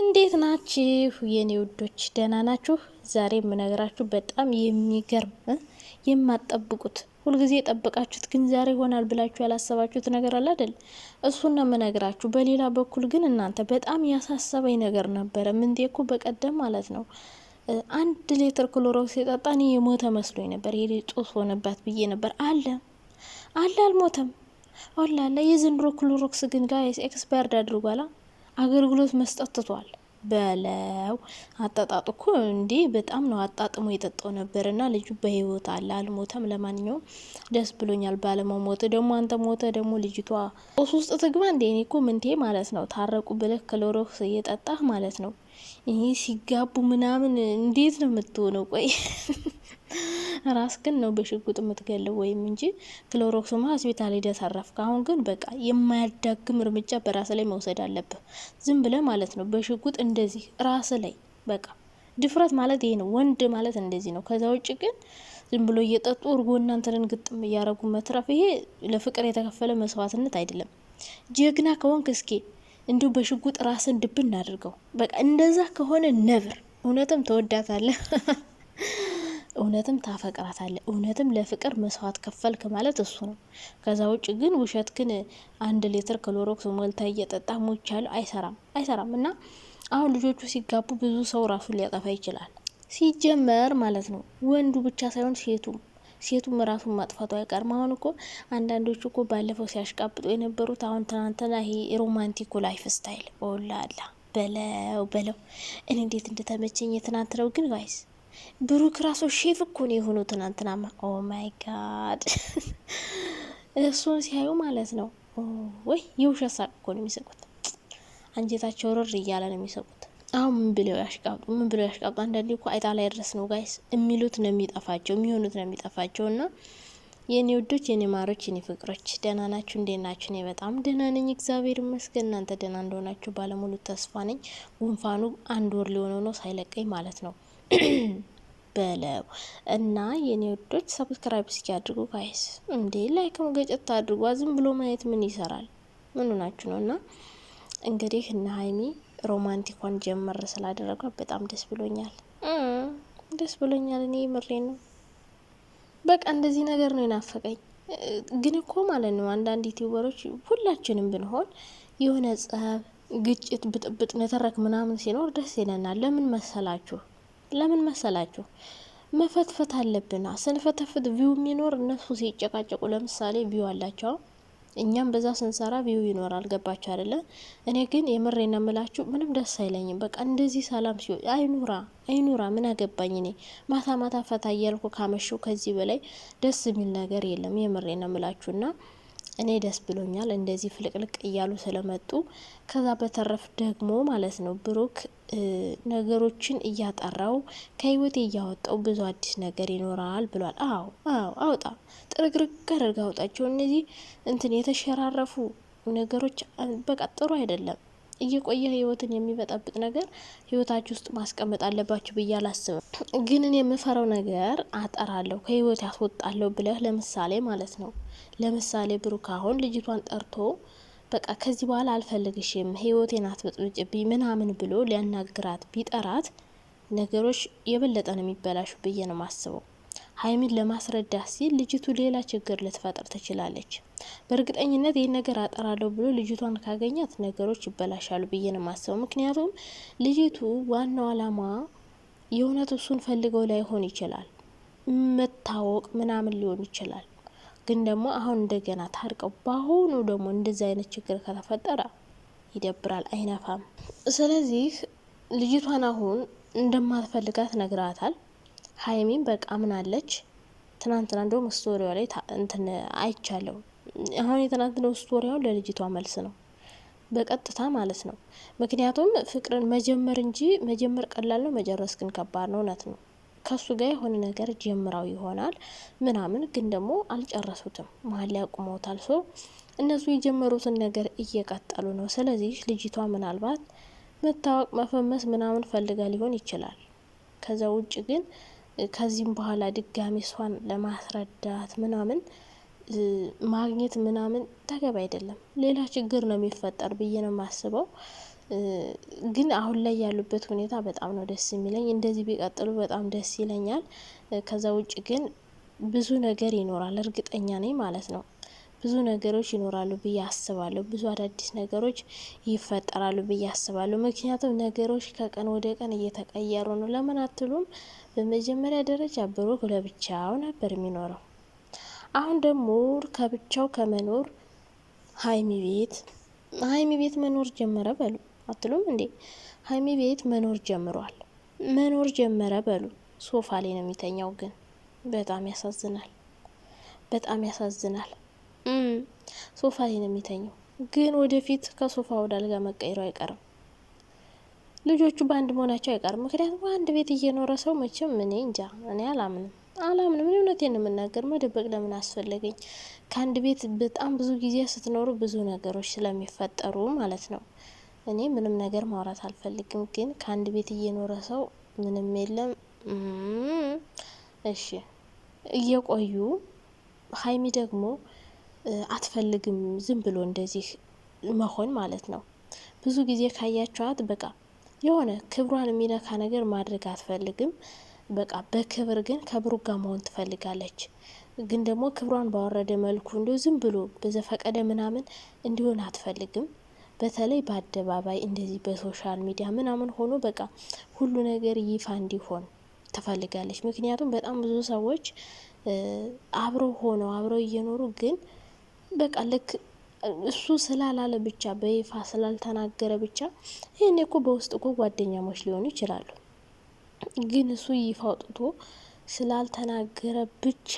እንዴት ናችሁ የኔ ውዶች? ደህና ናችሁ? ዛሬ የምነግራችሁ በጣም የሚገርም የማጠብቁት ሁልጊዜ የጠበቃችሁት ግን ዛሬ ይሆናል ብላችሁ ያላሰባችሁት ነገር አለ አይደል? እሱን ነው የምነግራችሁ። በሌላ በኩል ግን እናንተ በጣም ያሳሰበኝ ነገር ነበረ። ምንቴ በቀደም ማለት ነው አንድ ሌትር ክሎሮክስ የጠጣ እኔ የሞተ መስሎኝ ነበር። የሌ ጦስ ሆነባት ብዬ ነበር። አለ አለ አልሞተም። ወላሂ የዘንድሮ ክሎሮክስ ግን ጋር ኤክስፓየርድ አድርጓላ አገልግሎት መስጠት ትቷል። በለው አጣጣጥ እኮ እንዴ በጣም ነው አጣጥሞ የጠጣው ነበር። እና ልጁ በህይወት አለ አልሞተም። ለማንኛውም ደስ ብሎኛል ባለመሞት። ደግሞ አንተ ሞተ ደግሞ ልጅቷ ሶስት ውስጥ ትግባ እንዴ? እኔ እኮ ምንቴ ማለት ነው ታረቁ ብለህ ክሎሮክስ እየጠጣህ ማለት ነው። ይህ ሲጋቡ ምናምን እንዴት ነው የምትሆነው? ቆይ ራስ ግን ነው በሽጉጥ የምትገለው ወይም እንጂ ማ ሆስፒታል ሄደ አረፍክ። አሁን ግን በቃ የማያዳግም እርምጃ በራስ ላይ መውሰድ አለብህ። ዝም ብለ ማለት ነው በሽጉጥ እንደዚህ ራስ ላይ በቃ ድፍረት ማለት ይሄ ነው። ወንድ ማለት እንደዚህ ነው። ከዛ ውጭ ግን ዝም ብሎ እየጠጡ እርጎ እናንተንን ግጥም እያረጉ መትረፍ፣ ይሄ ለፍቅር የተከፈለ መስዋዕትነት አይደለም። ጀግና ከሆንክ እስኪ እንዲሁ በሽጉጥ ራስን ድብ እናድርገው። በቃ እንደዛ ከሆነ ነብር እውነትም ተወዳታለህ። እውነትም ታፈቅራታለህ፣ እውነትም ለፍቅር መስዋዕት ከፈልክ ማለት እሱ ነው። ከዛ ውጭ ግን ውሸት ግን አንድ ሌትር ክሎሮክስ ሞልታ እየጠጣ ያሉ አይሰራም፣ አይሰራም። እና አሁን ልጆቹ ሲጋቡ ብዙ ሰው ራሱን ሊያጠፋ ይችላል። ሲጀመር ማለት ነው ወንዱ ብቻ ሳይሆን ሴቱም ሴቱም ራሱን ማጥፋቱ አይቀርም። አሁን እኮ አንዳንዶቹ እኮ ባለፈው ሲያሽቃብጡ የነበሩት አሁን ትናንትና ይሄ ሮማንቲኩ ላይፍ ስታይል ኦላ በለው በለው እኔ እንዴት እንደተመቸኝ የትናንት ነው ግን ጋይስ ብሩክ ራሱ ሼፍ እኮ ነው የሆኑ ትናንትና። ኦ ማይ ጋድ እሱን ሲያዩ ማለት ነው ወይ የውሸት ሳቅ እኮ ነው የሚሰቁት። አንጀታቸው ርር እያለ ነው የሚሰቁት አሁን ምን ብለው ያሽቃብጡ? ምን ብለው ያሽቃብጡ? አንዳንዴ እኮ አይጣ ላይ ድረስ ነው ጋይስ። የሚሉት ነው የሚጠፋቸው፣ የሚሆኑት ነው የሚጠፋቸው እና የኔ ውዶች የኔ ማሮች የኔ ፍቅሮች ደህና ናችሁ? እንዴት ናችሁ? እኔ በጣም ደህና ነኝ፣ እግዚአብሔር ይመስገን። እናንተ ደህና እንደሆናችሁ ባለሙሉ ተስፋ ነኝ። ጉንፋኑ አንድ ወር ሊሆነው ነው ሳይለቀኝ ማለት ነው። በለው እና የኔ ወዶች ሰብስክራይብ እስኪ አድርጉ ጋይስ። እንዴ ላይክ ገጨት አድርጓ። ዝም ብሎ ማየት ምን ይሰራል? ምኑ ናችሁ ነው እና እንግዲህ እነ ሀይሚ ሮማንቲኳን ጀመር ስላደረጓ በጣም ደስ ብሎኛል፣ ደስ ብሎኛል። እኔ ምሬ ነው። በቃ እንደዚህ ነገር ነው የናፈቀኝ። ግን እኮ ማለት ነው አንዳንድ ዩቲዩበሮች ሁላችንም ብንሆን የሆነ ጸብ፣ ግጭት፣ ብጥብጥ፣ ነተረክ ምናምን ሲኖር ደስ ይለናል። ለምን መሰላችሁ? ለምን መሰላችሁ? መፈትፈት አለብና ስንፈተፍት ቪው የሚኖር እነሱ ሲጨቃጨቁ፣ ለምሳሌ ቪው አላቸው፣ እኛም በዛ ስንሰራ ቪው ይኖራል። ገባችሁ አይደለ? እኔ ግን የምሬ ነው የምላችሁ፣ ምንም ደስ አይለኝም። በቃ እንደዚህ ሰላም ሲሆን አይኑራ አይኑራ፣ ምን አገባኝ እኔ። ማታ ማታ ፈታ እያልኩ ካመሸው ከዚህ በላይ ደስ የሚል ነገር የለም። የምሬ ነው የምላችሁና እኔ ደስ ብሎኛል እንደዚህ ፍልቅልቅ እያሉ ስለመጡ። ከዛ በተረፍ ደግሞ ማለት ነው ብሩክ ነገሮችን እያጠራው ከህይወቴ እያወጣው ብዙ አዲስ ነገር ይኖራል ብሏል። አዎ አዎ፣ አውጣ ጥርግርግ አድርግ አውጣቸው። እነዚህ እንትን የተሸራረፉ ነገሮች በቃ ጥሩ አይደለም። እየቆየ ህይወትን የሚበጠብጥ ነገር ህይወታችሁ ውስጥ ማስቀመጥ አለባችሁ ብዬ አላስብም። ግን እኔ የምፈራው ነገር አጠራለሁ፣ ከህይወት ያስወጣለሁ ብለህ ለምሳሌ ማለት ነው። ለምሳሌ ብሩክ አሁን ልጅቷን ጠርቶ በቃ ከዚህ በኋላ አልፈልግሽም፣ ህይወቴን አትበጥብጭብኝ ምናምን ብሎ ሊያናግራት ቢጠራት ነገሮች የበለጠ ነው የሚበላሹ ብዬ ነው ማስበው። ሀይሚን ለማስረዳት ሲል ልጅቱ ሌላ ችግር ልትፈጥር ትችላለች። በእርግጠኝነት ይህን ነገር አጠራለሁ ብሎ ልጅቷን ካገኛት ነገሮች ይበላሻሉ ብዬ ነው ማስበው። ምክንያቱም ልጅቱ ዋናው አላማ የእውነት እሱን ፈልገው ላይሆን ይችላል፣ መታወቅ ምናምን ሊሆን ይችላል። ግን ደግሞ አሁን እንደገና ታርቀው በአሁኑ ደግሞ እንደዚህ አይነት ችግር ከተፈጠረ ይደብራል፣ አይነፋም። ስለዚህ ልጅቷን አሁን እንደማትፈልጋት ነግራታል። ሀይሚን በቃ ምናለች። ትናንትና እንደውም ስቶሪዋ ላይ እንትን አይቻለሁ። አሁን የትናንትናው ስቶሪያው ለልጅቷ መልስ ነው በቀጥታ ማለት ነው። ምክንያቱም ፍቅርን መጀመር እንጂ መጀመር ቀላል ነው፣ መጨረስ ግን ከባድ ነው። እውነት ነው። ከሱ ጋር የሆነ ነገር ጀምረው ይሆናል ምናምን፣ ግን ደግሞ አልጨረሱትም። መሀል ላይ አቁመውታል። ሶ እነሱ የጀመሩትን ነገር እየቀጠሉ ነው። ስለዚህ ልጅቷ ምናልባት መታወቅ፣ መፈመስ ምናምን ፈልጋ ሊሆን ይችላል። ከዛ ውጭ ግን ከዚህም በኋላ ድጋሚ እሷን ለማስረዳት ምናምን ማግኘት ምናምን ተገቢ አይደለም። ሌላ ችግር ነው የሚፈጠር ብዬ ነው የማስበው። ግን አሁን ላይ ያሉበት ሁኔታ በጣም ነው ደስ የሚለኝ። እንደዚህ ቢቀጥሉ በጣም ደስ ይለኛል። ከዛ ውጭ ግን ብዙ ነገር ይኖራል፣ እርግጠኛ ነኝ ማለት ነው። ብዙ ነገሮች ይኖራሉ ብዬ አስባለሁ። ብዙ አዳዲስ ነገሮች ይፈጠራሉ ብዬ አስባለሁ። ምክንያቱም ነገሮች ከቀን ወደ ቀን እየተቀየሩ ነው። ለምን አትሉም? በመጀመሪያ ደረጃ ብሩክ ለብቻው ነበር የሚኖረው። አሁን ደግሞ ከብቻው ከመኖር ሀይሚ ቤት ሀይሚ ቤት መኖር ጀመረ በሉ አትሉም እንዴ? ሀይሚ ቤት መኖር ጀምሯል። መኖር ጀመረ በሉ። ሶፋ ላይ ነው የሚተኛው፣ ግን በጣም ያሳዝናል። በጣም ያሳዝናል። ሶፋ ላይ ነው የሚተኘው፣ ግን ወደፊት ከሶፋ ወደ አልጋ መቀየሩ አይቀርም። ልጆቹ በአንድ መሆናቸው አይቀርም። ምክንያቱም በአንድ ቤት እየኖረ ሰው መቼም እኔ እንጃ፣ እኔ አላምንም አላምንም። እኔ እውነቴን የምናገር መደበቅ ለምን አስፈለገኝ? ከአንድ ቤት በጣም ብዙ ጊዜ ስትኖሩ ብዙ ነገሮች ስለሚፈጠሩ ማለት ነው። እኔ ምንም ነገር ማውራት አልፈልግም፣ ግን ከአንድ ቤት እየኖረ ሰው ምንም የለም። እሺ እየቆዩ ሀይሚ ደግሞ አትፈልግም፣ ዝም ብሎ እንደዚህ መሆን ማለት ነው። ብዙ ጊዜ ካያቸዋት በቃ የሆነ ክብሯን የሚነካ ነገር ማድረግ አትፈልግም። በቃ በክብር ግን ከብሩ ጋር መሆን ትፈልጋለች። ግን ደግሞ ክብሯን ባወረደ መልኩ እንዲሁ ዝም ብሎ በዘፈቀደ ምናምን እንዲሆን አትፈልግም። በተለይ በአደባባይ እንደዚህ በሶሻል ሚዲያ ምናምን ሆኖ በቃ ሁሉ ነገር ይፋ እንዲሆን ትፈልጋለች። ምክንያቱም በጣም ብዙ ሰዎች አብረው ሆነው አብረው እየኖሩ ግን በቃ ልክ እሱ ስላላለ ብቻ በይፋ ስላልተናገረ ብቻ ይህን እኮ በውስጥ እኮ ጓደኛሞች ሊሆኑ ይችላሉ። ግን እሱ ይፋ አውጥቶ ስላልተናገረ ብቻ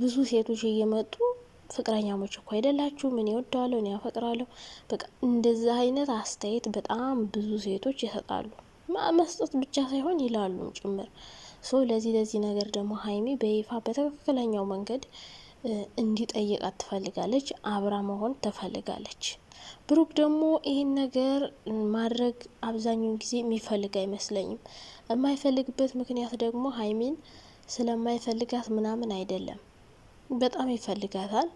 ብዙ ሴቶች እየመጡ ፍቅረኛሞች እኮ አይደላችሁ እኔ እወደዋለሁ፣ እኔ አፈቅራለሁ። በቃ እንደዛ አይነት አስተያየት በጣም ብዙ ሴቶች ይሰጣሉ። መስጠት ብቻ ሳይሆን ይላሉም ጭምር። ሶ ለዚህ ለዚህ ነገር ደግሞ ሀይሚ በይፋ በትክክለኛው መንገድ እንዲጠይቃት ትፈልጋለች። አብራ መሆን ትፈልጋለች። ብሩክ ደግሞ ይህን ነገር ማድረግ አብዛኛውን ጊዜ የሚፈልግ አይመስለኝም። የማይፈልግበት ምክንያት ደግሞ ሀይሚን ስለማይፈልጋት ምናምን አይደለም በጣም ይፈልጋታል፣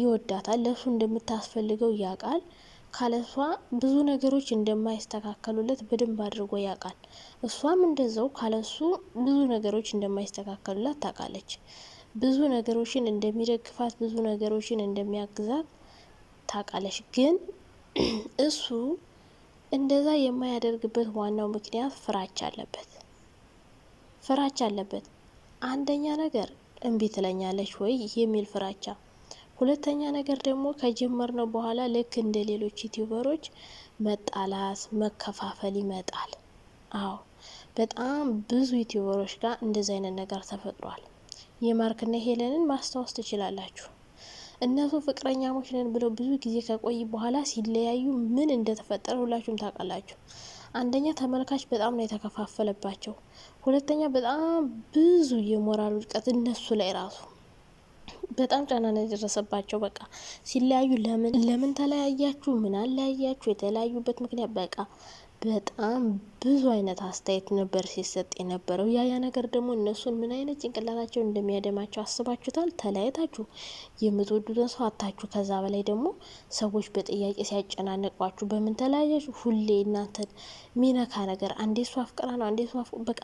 ይወዳታል። ለእሱ እንደምታስፈልገው ያውቃል። ካለሷ ብዙ ነገሮች እንደማይስተካከሉለት በደንብ አድርጎ ያውቃል። እሷም እንደዛው ካለሱ ብዙ ነገሮች እንደማይስተካከሉላት ታውቃለች። ብዙ ነገሮችን እንደሚደግፋት፣ ብዙ ነገሮችን እንደሚያግዛት ታውቃለች። ግን እሱ እንደዛ የማያደርግበት ዋናው ምክንያት ፍራቻ አለበት። ፍራቻ አለበት አንደኛ ነገር እምቢ ትለኛለች ወይ የሚል ፍራቻ። ሁለተኛ ነገር ደግሞ ነው በኋላ ልክ እንደ ሌሎች ዩቲዩበሮች መጣላት፣ መከፋፈል ይመጣል። አዎ በጣም ብዙ ዩቲዩበሮች ጋር እንደዚህ አይነት ነገር ተፈጥሯል። የማርክና ሄለንን ማስታወስ ትችላላችሁ። እነሱ ፍቅረኛሞች ነን ብለው ብዙ ጊዜ ከቆይ በኋላ ሲለያዩ ምን እንደተፈጠረ ሁላችሁም ታውቃላችሁ። አንደኛ ተመልካች በጣም ነው የተከፋፈለባቸው። ሁለተኛ በጣም ብዙ የሞራል ውድቀት እነሱ ላይ ራሱ በጣም ጫና ነው የደረሰባቸው። በቃ ሲለያዩ ለምን ለምን ተለያያችሁ ምን አለያያችሁ የተለያዩበት ምክንያት በቃ በጣም ብዙ አይነት አስተያየት ነበር ሲሰጥ የነበረው። ያ ያ ነገር ደግሞ እነሱን ምን አይነት ጭንቅላታቸው እንደሚያደማቸው አስባችሁታል? ተለያይታችሁ የምትወዱትን ሰው አታችሁ፣ ከዛ በላይ ደግሞ ሰዎች በጥያቄ ሲያጨናንቋችሁ በምን ተለያያችሁ? ሁሌ እናንተ ሚነካ ነገር አንዴ ሷ አፍቅራ ነው አንዴ በቃ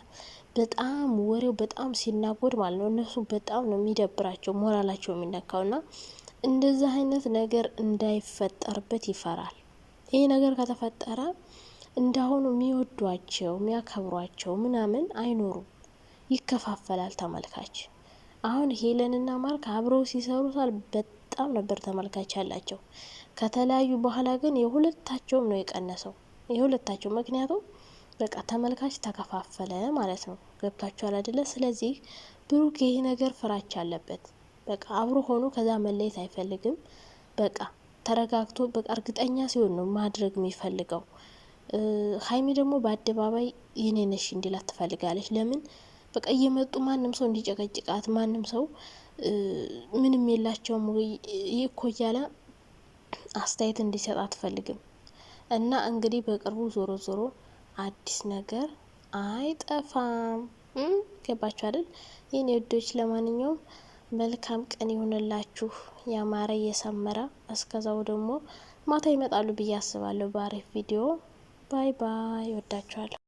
በጣም ወሬው በጣም ሲናጎድ ማለት ነው። እነሱ በጣም ነው የሚደብራቸው፣ ሞራላቸው የሚነካው እና እንደዚህ አይነት ነገር እንዳይፈጠርበት ይፈራል። ይህ ነገር ከተፈጠረ እንዳሁኑ የሚወዷቸው የሚያከብሯቸው ምናምን አይኖሩም። ይከፋፈላል ተመልካች። አሁን ሄለንና ማርክ አብረው ሲሰሩታል በጣም ነበር ተመልካች ያላቸው። ከተለያዩ በኋላ ግን የሁለታቸውም ነው የቀነሰው፣ የሁለታቸው ምክንያቱም በቃ ተመልካች ተከፋፈለ ማለት ነው። ገብቷችኋል አይደለ? ስለዚህ ብሩክ ይሄ ነገር ፍራቻ አለበት። በቃ አብሮ ሆኖ ከዛ መለየት አይፈልግም። በቃ ተረጋግቶ በቃ እርግጠኛ ሲሆን ነው ማድረግ የሚፈልገው። ሀይሚ ደግሞ በአደባባይ የኔ ነሽ እንዲላት ትፈልጋለች። ለምን በቃ እየመጡ ማንም ሰው እንዲጨቀጭቃት ማንም ሰው ምንም የላቸውም ይህ እኮ እያለ አስተያየት እንዲሰጥ አትፈልግም። እና እንግዲህ በቅርቡ ዞሮ ዞሮ አዲስ ነገር አይጠፋም። ገባችሁ አይደል ይህን ውዶች? ለማንኛውም መልካም ቀን ይሆንላችሁ፣ ያማረ የሰመረ። እስከዛው ደግሞ ማታ ይመጣሉ ብዬ አስባለሁ በአሪፍ ቪዲዮ bye bye your dad